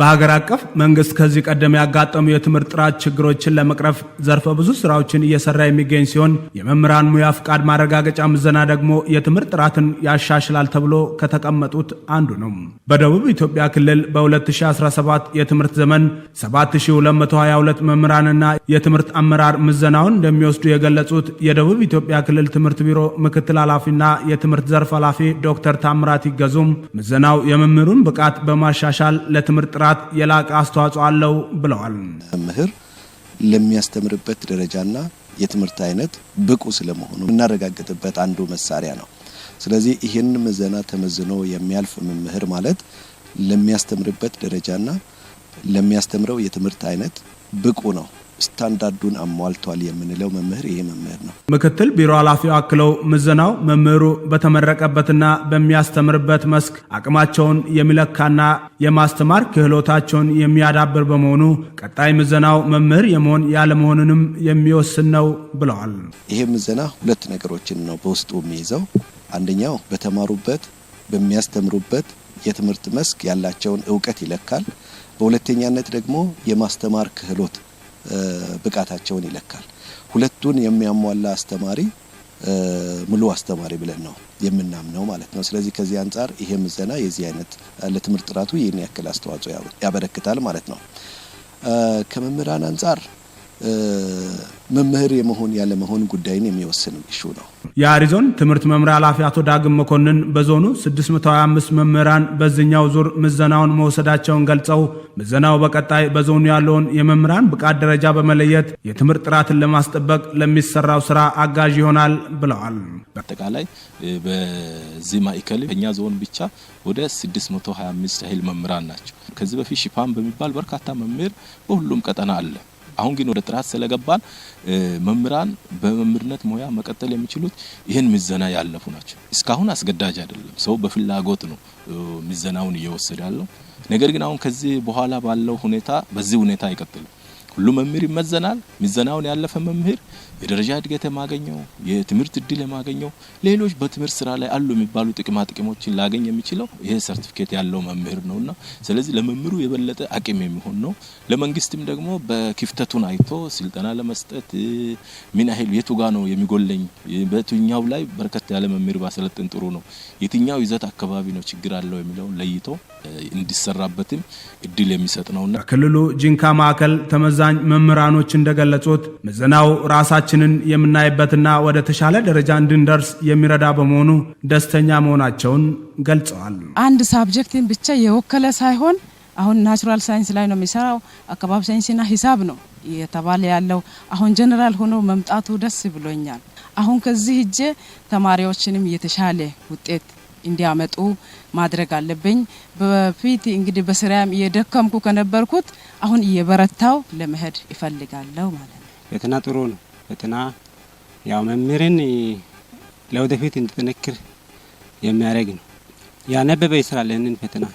በሀገር አቀፍ መንግስት ከዚህ ቀደም ያጋጠሙ የትምህርት ጥራት ችግሮችን ለመቅረፍ ዘርፈ ብዙ ስራዎችን እየሰራ የሚገኝ ሲሆን የመምህራን ሙያ ፍቃድ ማረጋገጫ ምዘና ደግሞ የትምህርት ጥራትን ያሻሽላል ተብሎ ከተቀመጡት አንዱ ነው። በደቡብ ኢትዮጵያ ክልል በ2017 የትምህርት ዘመን 7222 መምህራንና የትምህርት አመራር ምዘናውን እንደሚወስዱ የገለጹት የደቡብ ኢትዮጵያ ክልል ትምህርት ቢሮ ምክትል ኃላፊና የትምህርት ዘርፍ ኃላፊ ዶክተር ታምራት ይገዙም ምዘናው የመምህሩን ብቃት በማሻሻል ለትምህርት ጥራት የላቀ አስተዋጽኦ አለው ብለዋል። መምህር ለሚያስተምርበት ደረጃና የትምህርት አይነት ብቁ ስለመሆኑ የምናረጋግጥበት አንዱ መሳሪያ ነው። ስለዚህ ይህን ምዘና ተመዝኖ የሚያልፍ መምህር ማለት ለሚያስተምርበት ደረጃና ለሚያስተምረው የትምህርት አይነት ብቁ ነው ስታንዳርዱን አሟልቷል የምንለው መምህር ይሄ መምህር ነው። ምክትል ቢሮ ኃላፊው አክለው ምዘናው መምህሩ በተመረቀበትና በሚያስተምርበት መስክ አቅማቸውን የሚለካና የማስተማር ክህሎታቸውን የሚያዳብር በመሆኑ ቀጣይ ምዘናው መምህር የመሆን ያለመሆንንም የሚወስን ነው ብለዋል። ይሄ ምዘና ሁለት ነገሮችን ነው በውስጡ የሚይዘው። አንደኛው በተማሩበት በሚያስተምሩበት የትምህርት መስክ ያላቸውን እውቀት ይለካል። በሁለተኛነት ደግሞ የማስተማር ክህሎት ብቃታቸውን ይለካል። ሁለቱን የሚያሟላ አስተማሪ ሙሉ አስተማሪ ብለን ነው የምናምነው ማለት ነው። ስለዚህ ከዚህ አንጻር ይሄ ምዘና የዚህ አይነት ለትምህርት ጥራቱ ይህን ያክል አስተዋጽኦ ያበረክታል ማለት ነው። ከመምህራን አንጻር መምህር የመሆን ያለመሆን ጉዳይን የሚወስን ሹ ነው። የአሪዞን ትምህርት መምሪያ ኃላፊ አቶ ዳግም መኮንን በዞኑ 625 መምህራን በዚህኛው ዙር ምዘናውን መውሰዳቸውን ገልጸው ምዘናው በቀጣይ በዞኑ ያለውን የመምህራን ብቃት ደረጃ በመለየት የትምህርት ጥራትን ለማስጠበቅ ለሚሰራው ስራ አጋዥ ይሆናል ብለዋል። በአጠቃላይ በዚህ ማዕከል በእኛ ዞን ብቻ ወደ 625 ያህል መምህራን ናቸው። ከዚህ በፊት ሽፋን በሚባል በርካታ መምህር በሁሉም ቀጠና አለ። አሁን ግን ወደ ጥራት ስለገባን መምህራን በመምህርነት ሙያ መቀጠል የሚችሉት ይህን ምዘና ያለፉ ናቸው። እስካሁን አስገዳጅ አይደለም፣ ሰው በፍላጎት ነው ምዘናውን እየወሰደ ያለው። ነገር ግን አሁን ከዚህ በኋላ ባለው ሁኔታ በዚህ ሁኔታ አይቀጥልም። ሁሉ መምህር ይመዘናል። ምዘናውን ያለፈ መምህር የደረጃ እድገት የማገኘው የትምህርት እድል የማገኘው ሌሎች በትምህርት ስራ ላይ አሉ የሚባሉ ጥቅማ ጥቅሞችን ላገኝ የሚችለው ይሄ ሰርቲፊኬት ያለው መምህር ነውና፣ ስለዚህ ለመምህሩ የበለጠ አቅም የሚሆን ነው። ለመንግስትም ደግሞ በክፍተቱን አይቶ ስልጠና ለመስጠት ምን ያህል የቱ ጋ ነው የሚጎለኝ፣ በየትኛው ላይ በርከት ያለ መምህር ባሰለጥን ጥሩ ነው፣ የትኛው ይዘት አካባቢ ነው ችግር አለው የሚለውን ለይቶ እንዲሰራበትም እድል የሚሰጥ ነውና ክልሉ ጂንካ ማዕከል ተመዛ አመዛኝ መምህራኖች እንደገለጹት ምዘናው ራሳችንን የምናይበትና ወደ ተሻለ ደረጃ እንድንደርስ የሚረዳ በመሆኑ ደስተኛ መሆናቸውን ገልጸዋል። አንድ ሳብጀክትን ብቻ የወከለ ሳይሆን አሁን ናቹራል ሳይንስ ላይ ነው የሚሰራው፣ አካባቢ ሳይንስና ሂሳብ ነው የተባለ ያለው አሁን ጀነራል ሆኖ መምጣቱ ደስ ብሎኛል። አሁን ከዚህ እጄ ተማሪዎችንም የተሻለ ውጤት እንዲያመጡ ማድረግ አለብኝ። በፊት እንግዲህ በስራም እየደከምኩ ከነበርኩት አሁን እየበረታው ለመሄድ ይፈልጋለሁ ማለት ነው። ፈተና ጥሩ ነው። ፈተና ያው መምህርን ለወደፊት እንድጠነክር የሚያደርግ ነው። ያነበበ ይስራል ይህንን ፈተና